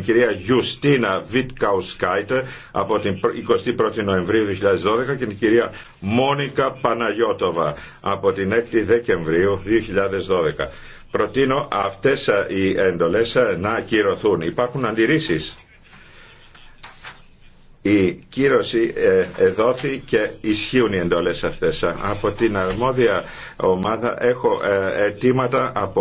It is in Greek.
την κυρία Γιουστίνα Βιτκαουσκάιτε από την 21η Νοεμβρίου 2012 και την κυρία Μόνικα Παναγιώτοβα από την 6η Δεκεμβρίου 2012. Προτείνω αυτές ε, οι εντολές ε, να ακυρωθούν. Υπάρχουν αντιρρήσεις. Η κύρωση ε, εδόθη και ισχύουν οι εντολές αυτές. Από την αρμόδια ομάδα έχω αιτήματα από